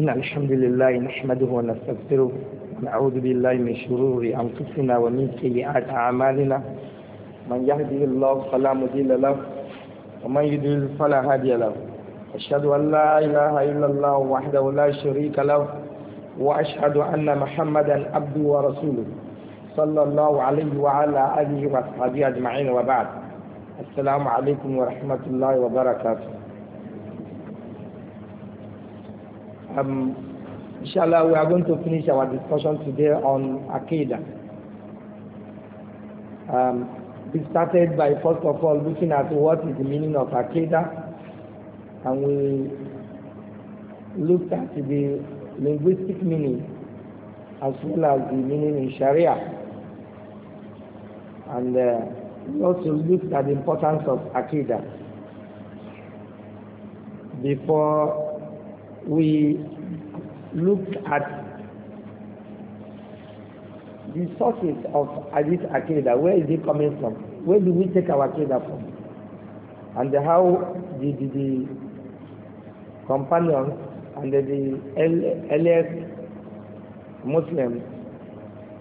إن الحمد لله نحمده ونستغفره ونعوذ بالله من شرور أنفسنا ومن سيئات أعمالنا من يهده الله فلا مضل له ومن يضلل فلا هادي له أشهد أن لا إله إلا الله وحده لا شريك له وأشهد أن محمدا عبده ورسوله صلى الله عليه وعلى آله وصحبه أجمعين وبعد السلام عليكم ورحمة الله وبركاته Um, inshallah, we are going to finish our discussion today on akeda. Um, we started by first of all looking at what is the meaning of akeda, and we looked at the linguistic meaning as well as the meaning in Sharia. And uh, we also looked at the importance of akeda before we looked at the sources of this Akeda, where is it coming from? Where do we take our Akeda from? And how the, the, the companions and the, the earliest Muslims,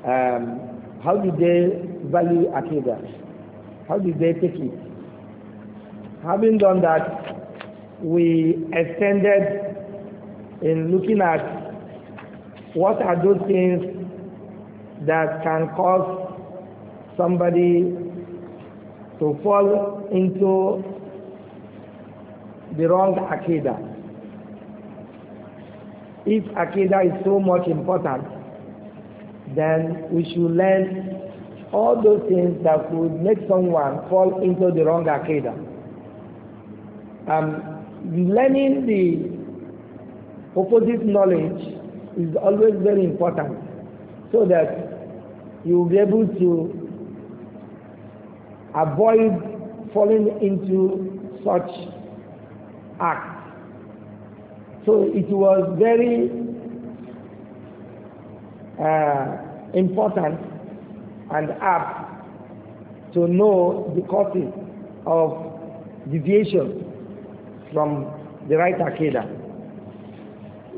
um, how did they value Akeda? How did they take it? Having done that, we extended in looking at what are those things that can cause somebody to fall into the wrong akida. If akida is so much important, then we should learn all those things that would make someone fall into the wrong akida. Um, learning the opposite knowledge is always very important so that you will be able to avoid falling into such acts. So it was very uh, important and apt to know the causes of deviation from the right Akeda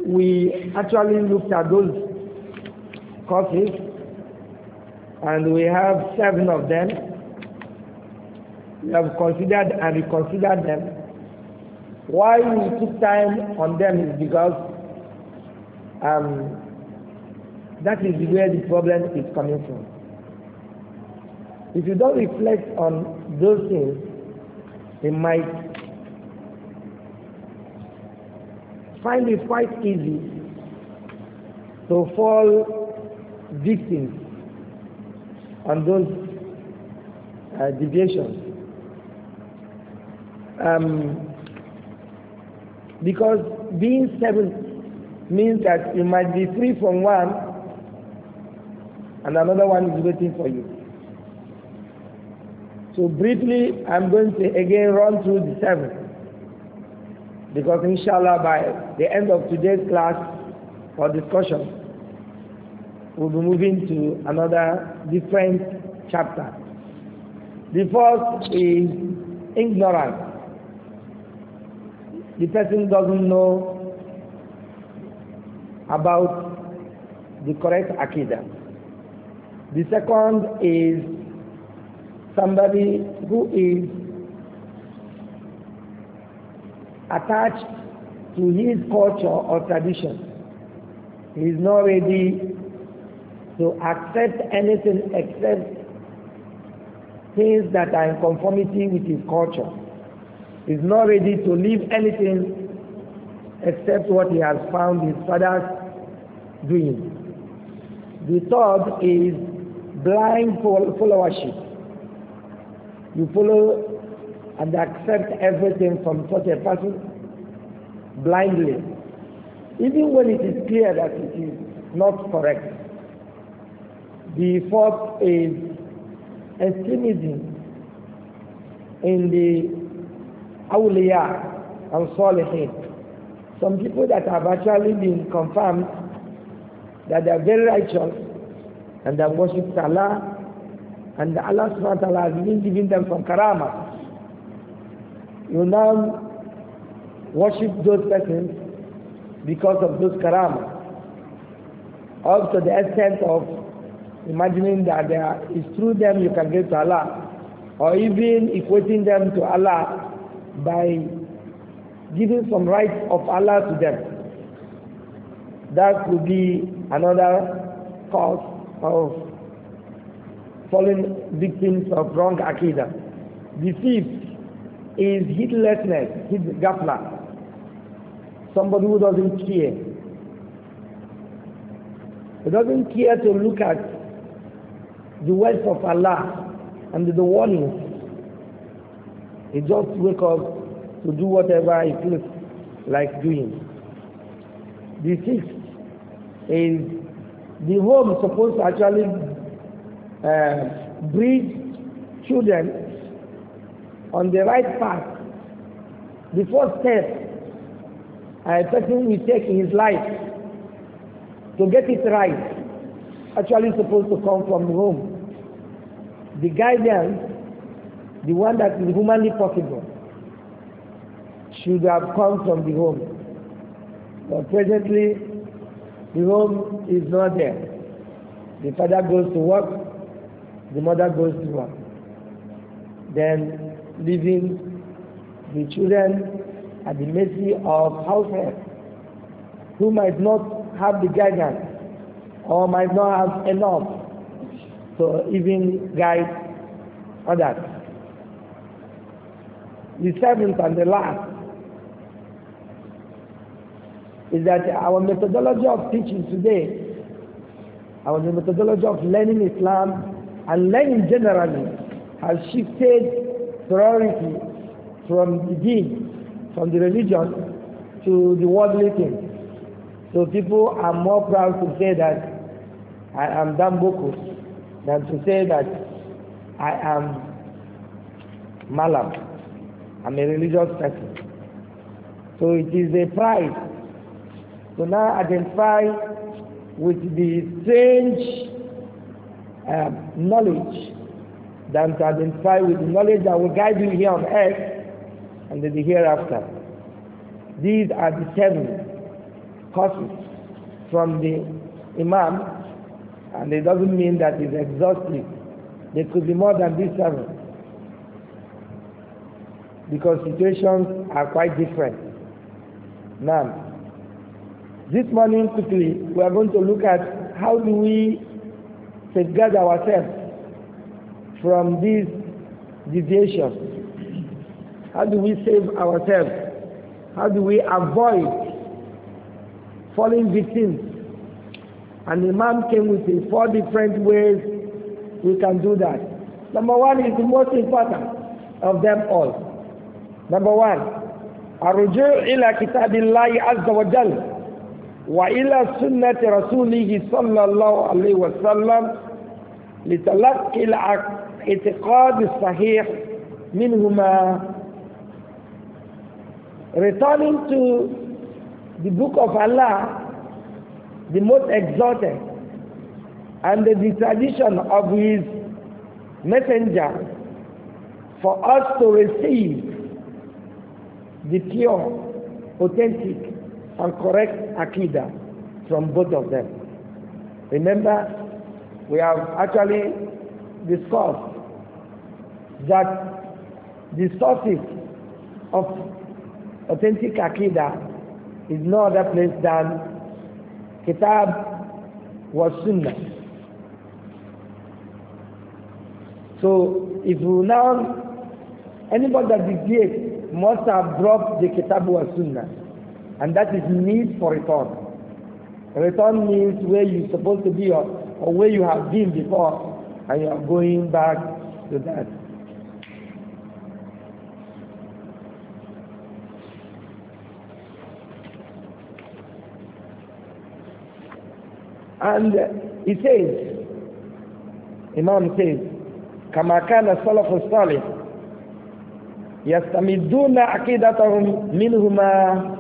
we actually looked at those courses and we have seven of them. We have considered and reconsidered them. Why we took time on them is because um, that is where the problem is coming from. If you don't reflect on those things, it might find it quite easy to fall victim on those uh, deviations. Um, because being seven means that you might be free from one and another one is waiting for you. So briefly, I'm going to again run through the seven. Because inshallah by the end of today's class for discussion, we'll be moving to another different chapter. The first is ignorance. The person doesn't know about the correct akida. The second is somebody who is attached to his culture or tradition. He is not ready to accept anything except things that are in conformity with his culture. He is not ready to leave anything except what he has found his fathers doing. The third is blind followership. You follow and accept everything from such a person blindly, even when it is clear that it is not correct. The fourth is extremism in the awliya and salihin. Some people that have actually been confirmed that they are very righteous and they worship Allah and Allah subhanahu wa ta'ala has been giving them some karama you now worship those persons because of those karama. Also, the essence of imagining that there is through them you can get to Allah, or even equating them to Allah by giving some rights of Allah to them. That would be another cause of falling victims of wrong akida, The fifth is heedlessness, heed gafla. Somebody who doesn't care. He doesn't care to look at the words of Allah and the warnings. He just wake up to do whatever he feels like doing. The sixth is the home supposed to actually uh, breed children on the right path. The first step a person will take in his life to get it right actually supposed to come from home. The guidance, the one that is humanly possible, should have come from the home. But presently, the home is not there. The father goes to work, the mother goes to work. Then leaving the children at the mercy of house who might not have the guidance or might not have enough to even guide others. The seventh and the last is that our methodology of teaching today, our methodology of learning Islam and learning generally has shifted priority from the deen, from the religion, to the worldly things. So people are more proud to say that I am Damboko than to say that I am Malam. I'm a religious person. So it is a pride to now identify with the strange um, knowledge than to identify with the knowledge that will guide you here on earth and in the hereafter. These are the seven causes from the Imam, and it doesn't mean that it's exhaustive. There could be more than these seven because situations are quite different. Now, this morning quickly, we are going to look at how do we safeguard ourselves from these deviations? How do we save ourselves? How do we avoid falling victims? And the Imam came with four different ways we can do that. Number one is the most important of them all. Number one, الرجوع إلى كتاب الله عز وجل وإلى سنة رسوله صلى الله عليه وسلم لتلقي الاعتقاد الصحيح منهما returning to the book of Allah the most exalted and the tradition of his messenger for us to receive the pure authentic and correct akida from both of them remember we have actually discussed that the sources of authentic akida is no other place than Kitab was Sunnah. So if you now, anybody that deviates must have dropped the Kitab was Sunnah. And that is need for return. Return means where you're supposed to be or, or where you have been before and you are going back to that. And he says, Imam says, كما كان السلف الصالح يستمدون عقيدتهم منهما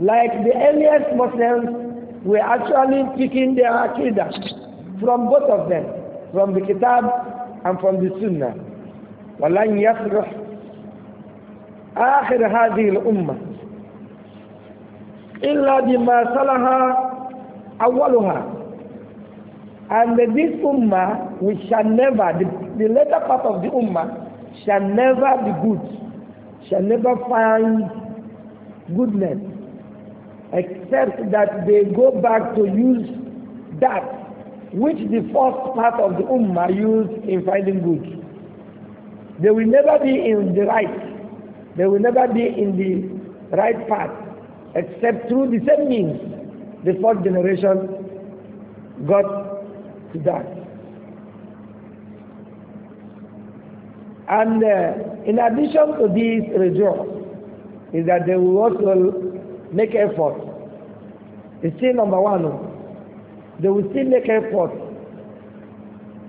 like the earliest Muslims were actually picking their aqidah from both of them from the kitab and from the sunnah ولن يفرح آخر هذه الأمة إلا بما صلح awwaluha and this umma we shall never the, the later part of the umma shall never be good shall never find goodness except that they go back to use that which the first part of the umma used in finding good they will never be in the right they will never be in the right path except through the same means the fourth generation got to that. And uh, in addition to these results, is that they will also make effort. It's still number one. They will still make effort.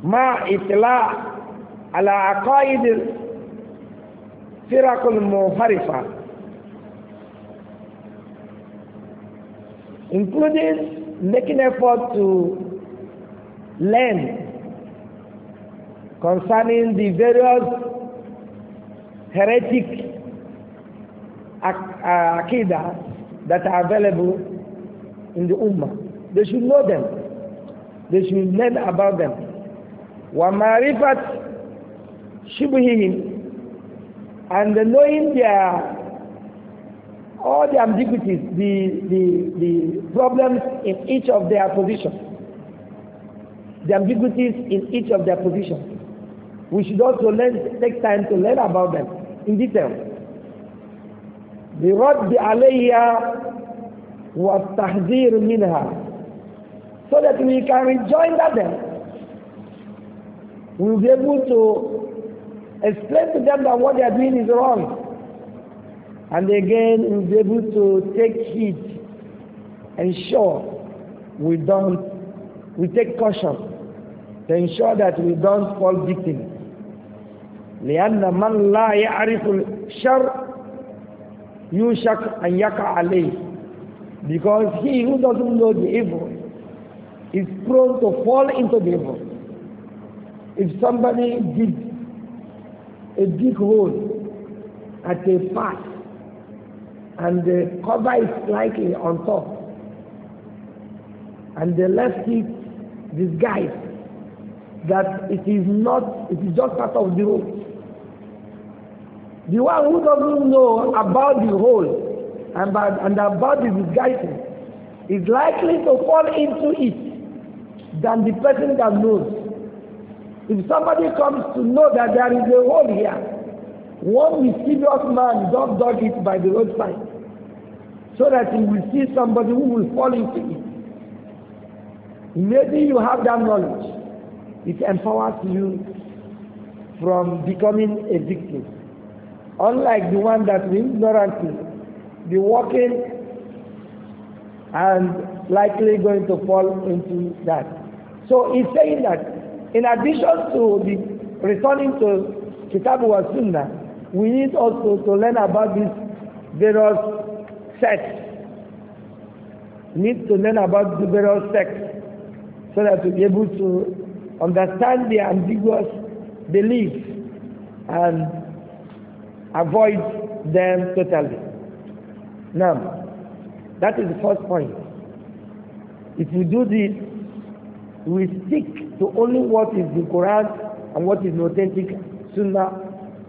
ما إطلاع على عقائد الفرق المنحرفة including making effort to learn concerning the various heretic uh, akida that are available in the Ummah. They should know them. They should learn about them. وَمَعْرِفَةِ شِبْهِهِمْ And knowing their all the ambiguities, the, the, the problems in each of their positions. The ambiguities in each of their positions. We should also learn, take time to learn about them in detail. The the رد was tahzir minha, so that we can rejoin them. We'll be able to explain to them that what they are doing is wrong And again, we'll be able to take heed, ensure we don't, we take caution to ensure that we don't fall victim. لأن من لا يعرف الشر يوشك أن يقع عليه because he who doesn't know the evil is prone to fall into the evil. If somebody digs a big hole at a path and the cover is slightly on top and the left it disguised that it is not it is just part of the road the one who doesn't know about the hole and, by, and about the disguising is likely to fall into it than the person that knows if somebody comes to know that there is a hole here one mysterious man just dug it by the roadside so that you will see somebody who will fall into it. Maybe you have that knowledge. It empowers you from becoming a victim. Unlike the one that will ignorantly be walking and likely going to fall into that. So he's saying that in addition to the returning to Kitabu wa Sunnah, we need also to learn about these various sex need to learn about the various sects so that we'll be able to understand the ambiguous beliefs and avoid them totally. Now, that is the first point. If we do this, we stick to only what is the Quran and what is the authentic Sunnah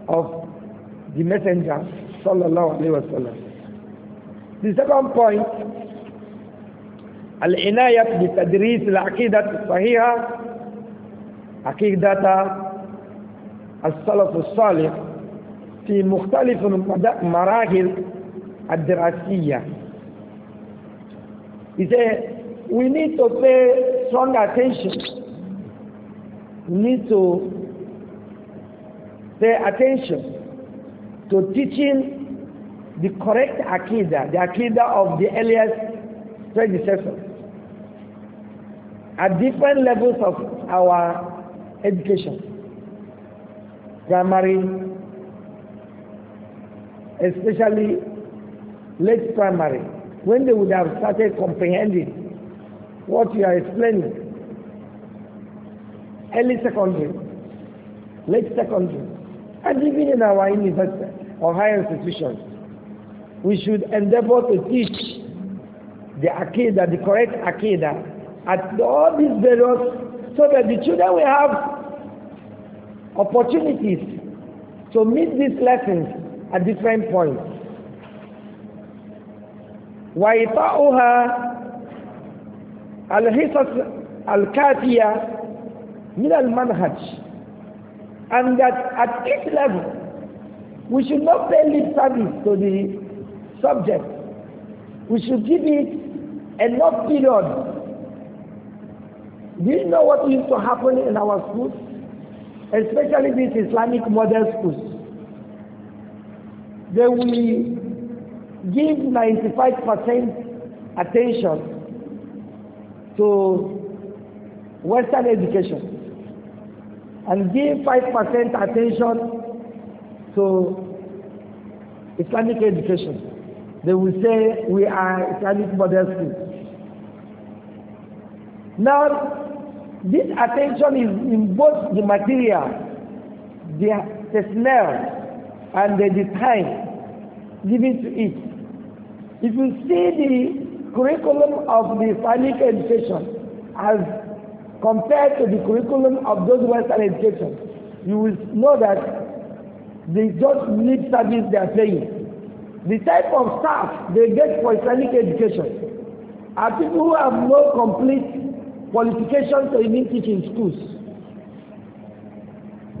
of the Messenger, sallallahu alaihi wasallam. The second point, al-inayat bi tadris al-aqidat sahiha aqidat as-salaf as-salih fi mukhtalif marahil al-dirasiyya. He said, we need to pay strong attention. We need to pay attention to teaching the correct akida, the akida of the earliest predecessors at different levels of our education. Primary, especially late primary, when they would have started comprehending what you are explaining. Early secondary, late secondary, and even in our university or higher institutions we should endeavor to teach the Aqidah, the correct Aqidah, at all these various, so that the children will have opportunities to meet these lessons at different points. وإطاؤها الحصص الكافية من المنهج and that at each level we should not pay lip service to the subject. We should give it enough period. Do you know what used to happen in our schools? Especially these Islamic model schools. They will give 95% attention to Western education and give 5% attention to Islamic education. They will say we are Islamic model school. Now, this attention is in both the material, the, the and the, the time given to it. If you see the curriculum of the Islamic education as compared to the curriculum of those Western education, you will know that they just need service they are paying. The type of staff they get for Islamic education are people who have no complete qualification to even teach in schools.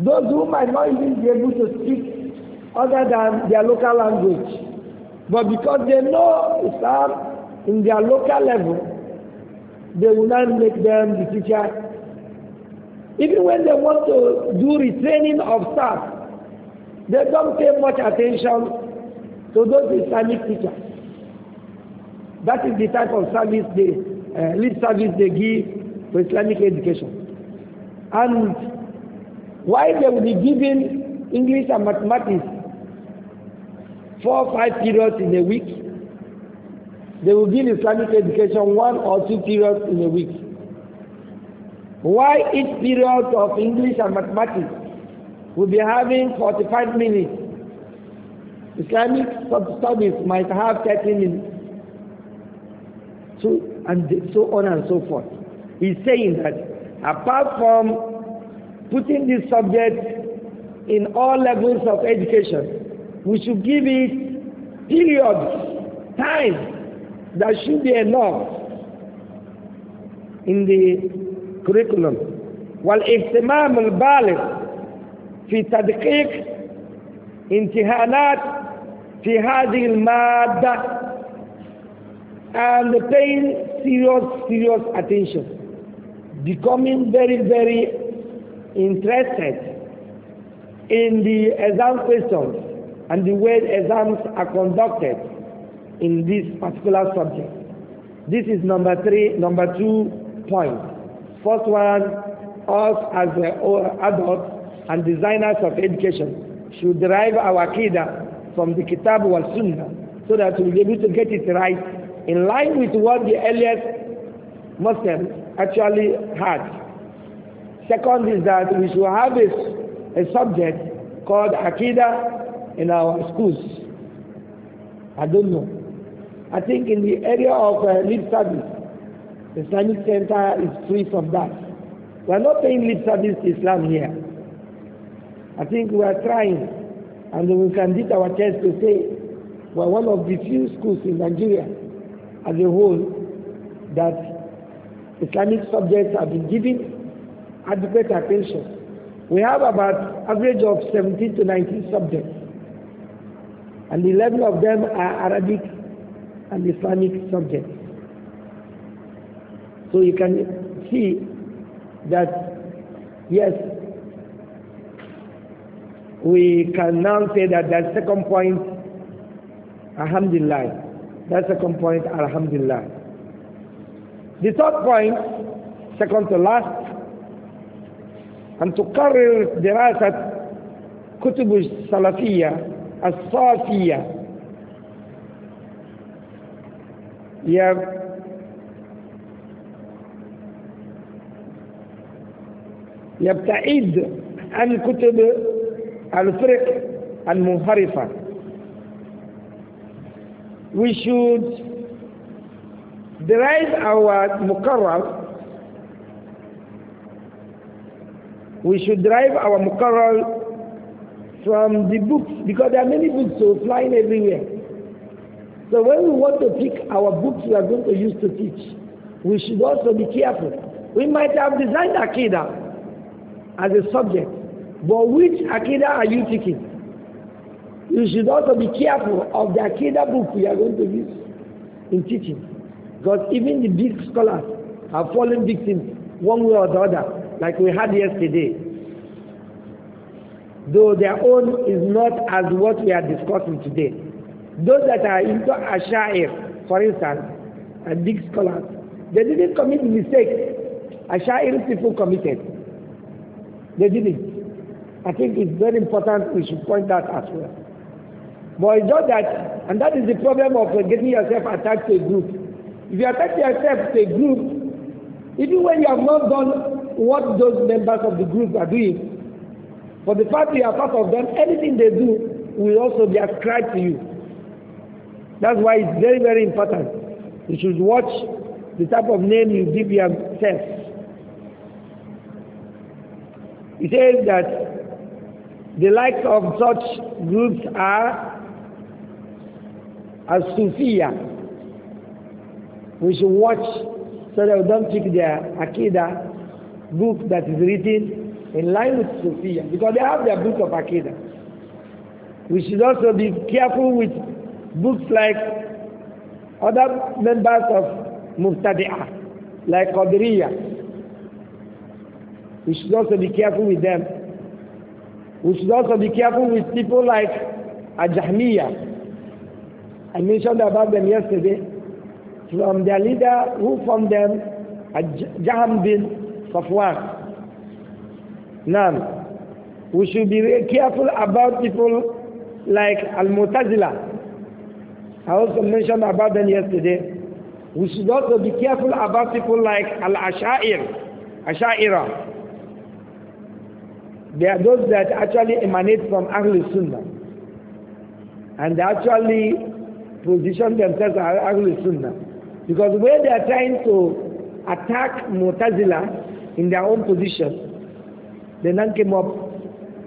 Those who might not even be able to speak other than their local language. But because they know Islam in their local level, they will not make them the teacher. Even when they want to do retraining of staff, they don't pay much attention So those Islamic teachers, that is the type of service they, uh, eh, lead service they give for Islamic education. And why they will be giving English and mathematics four or five periods in a week, they will give Islamic education one or two periods in a week. Why each period of English and mathematics will be having 45 minutes Islamic studies might have taken in So, and so on and so forth. He's saying that apart from putting this subject in all levels of education, we should give it periods, time that should be enough in the curriculum. والاهتمام البالغ في تدقيق امتحانات في هذه المادة and paying serious, serious attention, becoming very, very interested in the exam questions and the way exams are conducted in this particular subject. This is number three, number two point. First one, us as adults and designers of education should drive our kids from the Kitab wal Sunnah so that we'll be able to get it right in line with what the earliest Muslims actually had. Second is that we should have a, a subject called Akida in our schools. I don't know. I think in the area of uh, lip service, the Islamic Center is free from that. We are not paying lip service to Islam here. I think we are trying and we can did our chest to say we're one of the few schools in Nigeria as a whole that Islamic subjects have been given adequate attention. We have about average of 17 to 19 subjects and 11 of them are Arabic and Islamic subjects. So you can see that yes, we can now say that that second point, alhamdulillah. That second point, alhamdulillah. The third point, second to last, أن تقرر دراسة كتب السلفية الصافية يبتعد عن كتب al-firq al-munharifa. We should derive our muqarrar, we should derive our muqarrar from the books because there are many books so flying everywhere. So when we want to pick our books we are going to use to teach, we should also be careful. We might have designed Akida as a subject, But which Akida are you taking? You should also be careful of the Akida book we are going to use in teaching. Because even the big scholars have fallen victims one way or the other, like we had yesterday. Though their own is not as what we are discussing today. Those that are into Asha'ir, for instance, and big scholars, they didn't commit mistakes Asha'ir people committed. They didn't. I think it's very important we should point that as well. But it's not that, and that is the problem of uh, getting yourself attached to a group. If you attach yourself to a group, even when you have not done what those members of the group are doing, for the fact you are part of them, anything they do will also be ascribed to you. That's why it's very, very important. You should watch the type of name you give yourself. He says that the likes of such groups are as Sufiya. We should watch so that we don't take their Akida book that is written in line with Sufiya because they have their book of Akida. We should also be careful with books like other members of Muftadi'ah, like Qadriya. We should also be careful with them we should also be careful with people like Ajamiya. I mentioned about them yesterday. From their leader, who from them? Jaham bin Safwan. Now, we should be very careful about people like Al-Mutazila. I also mentioned about them yesterday. We should also be careful about people like Al-Ashair, Ashaira. They are those that actually emanate from Ahlul Sunnah. And they actually position themselves as Ahlul Sunnah. Because where they are trying to attack Mu'tazila in their own position, they then came up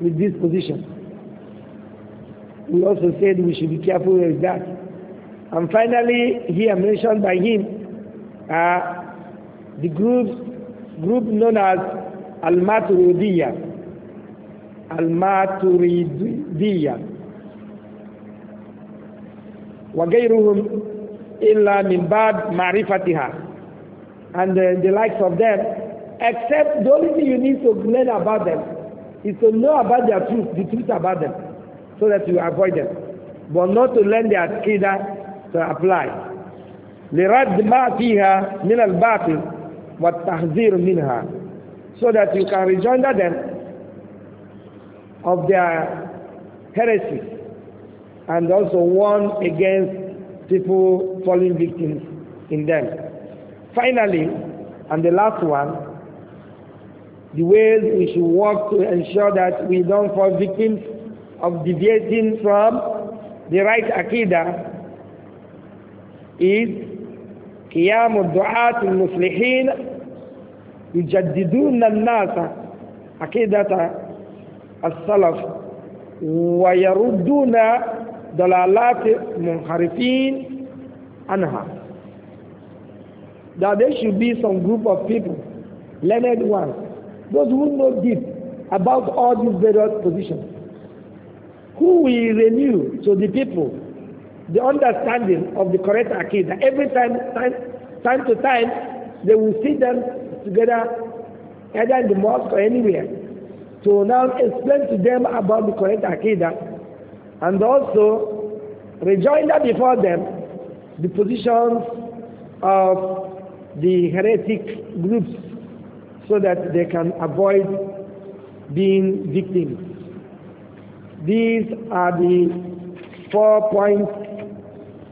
with this position. We also said we should be careful with that. And finally, here mentioned by him, uh, the group group known as Al-Maturudiyah, الماتريدية وغيرهم إلا من بعد معرفتها and the, the likes of them except the only thing you need to learn about them is to know about their truth the truth about them so that you avoid them but not to learn their akida to apply لرد ما فيها من الباطل والتحذير منها so that you can rejoin them of their heresy and also warn against people falling victims in them. Finally, and the last one, the ways we should work to ensure that we don't fall victims of deviating from the right akida is قيام الدعاة المصلحين يجددون الناس عقيدة as-salaf دلالات yarudduna dalalati munharifin that there should be some group of people learned ones those who know deep about all these various positions who will renew to the people the understanding of the correct aqidah every time time time to time they will sit them together either in the mosque or anywhere to now explain to them about the correct Aqidah and also rejoinder before them the positions of the heretic groups so that they can avoid being victims. These are the four points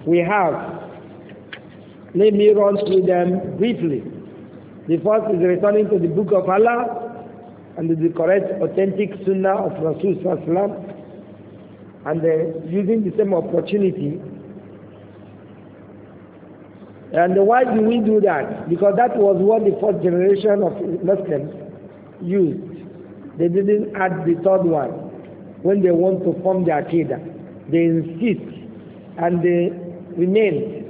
we have. Let me run through them briefly. The first is returning to the Book of Allah and the correct authentic sunnah of Rasul and uh, using the same opportunity. And why do we do that? Because that was what the first generation of Muslims used. They didn't add the third one when they want to form their Aqidah. They insist and they remain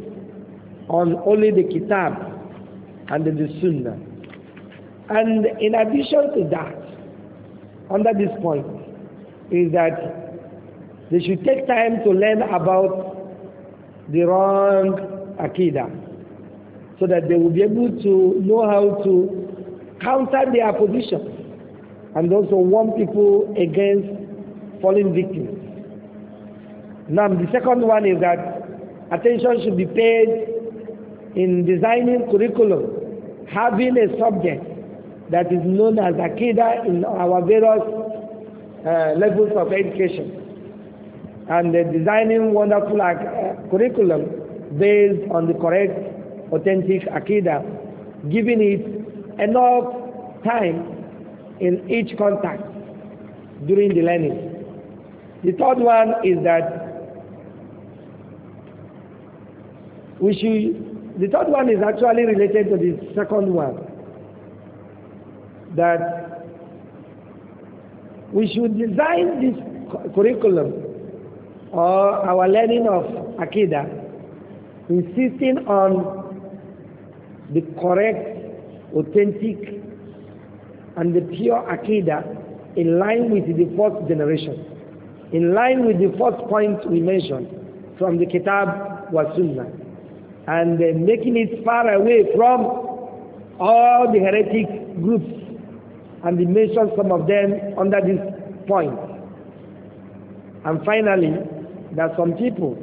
on only the Kitab and the Sunnah. And in addition to that, under this point is that they should take time to learn about the wrong akida so that they will be able to know how to counter their opposition and also warn people against falling victims. Now, the second one is that attention should be paid in designing curriculum, having a subject that is known as Akida in our various uh, levels of education and uh, designing wonderful uh, curriculum based on the correct authentic Akida, giving it enough time in each contact during the learning. The third one is that we should, the third one is actually related to the second one that we should design this curriculum or our learning of Akida insisting on the correct, authentic and the pure Akida in line with the fourth generation, in line with the fourth point we mentioned from the Kitab wa Sunnah and uh, making it far away from all the heretic groups and he mentioned some of them under this point. And finally, there are some people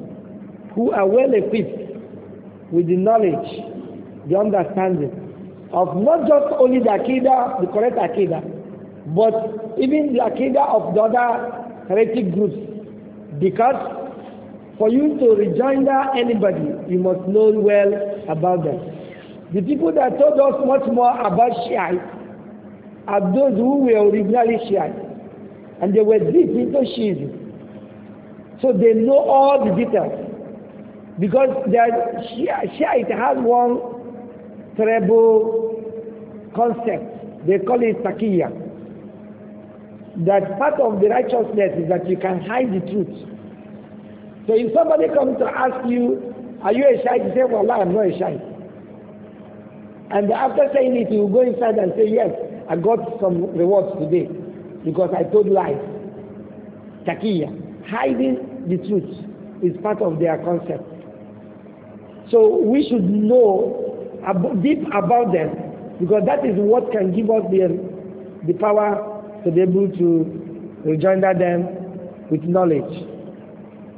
who are well equipped with the knowledge, the understanding of not just only the Akida, the correct Akida, but even the Akida of the other heretic groups. Because for you to rejoin anybody, you must know well about them. The people that told us much more about Shiite are those who were originally Shia, And they were deep into Shiism. So they know all the details. Because the Shiite has one terrible concept. They call it taqiya, that part of the righteousness is that you can hide the truth. So if somebody comes to ask you, are you a Shiite? You say, well, I'm not a Shiite. And after saying it, you go inside and say, yes, I got some rewards today because I told lies. Takiya, hiding the truth is part of their concept. So we should know ab deep about them because that is what can give us the, the power to be able to rejoin them with knowledge.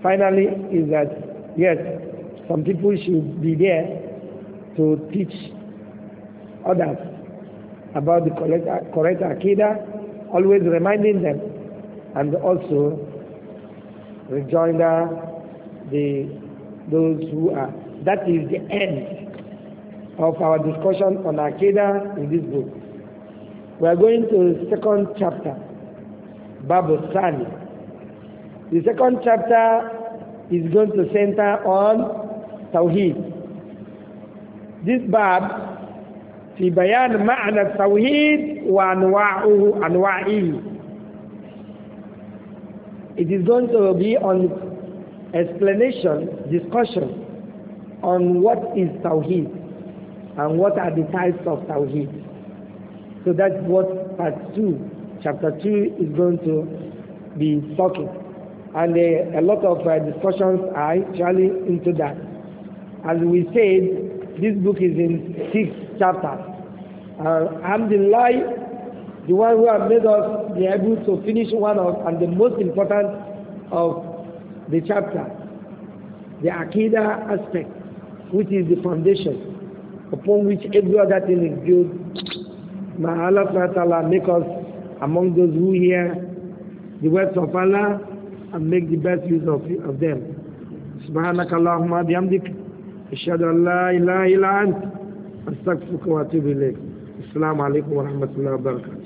Finally, is that yes, some people should be there to teach others about the correct, correct Aqidah, always reminding them, and also rejoinder the, those who are. That is the end of our discussion on Aqidah in this book. We are going to the second chapter, Babu Sani. The second chapter is going to center on Tawheed. This Bab في بيان معنى التوحيد وأنواعه أنواعه It is going to be on explanation, discussion on what is Tawheed and what are the types of Tawheed. So that's what part two chapter two is going to be talking. And uh, a lot of uh, discussions are actually into that. As we said, this book is in six chapters. uh, Alhamdulillah, the one who has made us be able to finish one of and the most important of the chapter, the akida aspect, which is the foundation upon which every other thing is built. May Allah make us among those who hear the words of Allah and make the best use of, of them. سبحانك اللهم بحمدك أشهد أن لا إله إلا أنت أستغفرك وأتوب إليك Assalamu alaikum warahmatullahi wabarakatuh.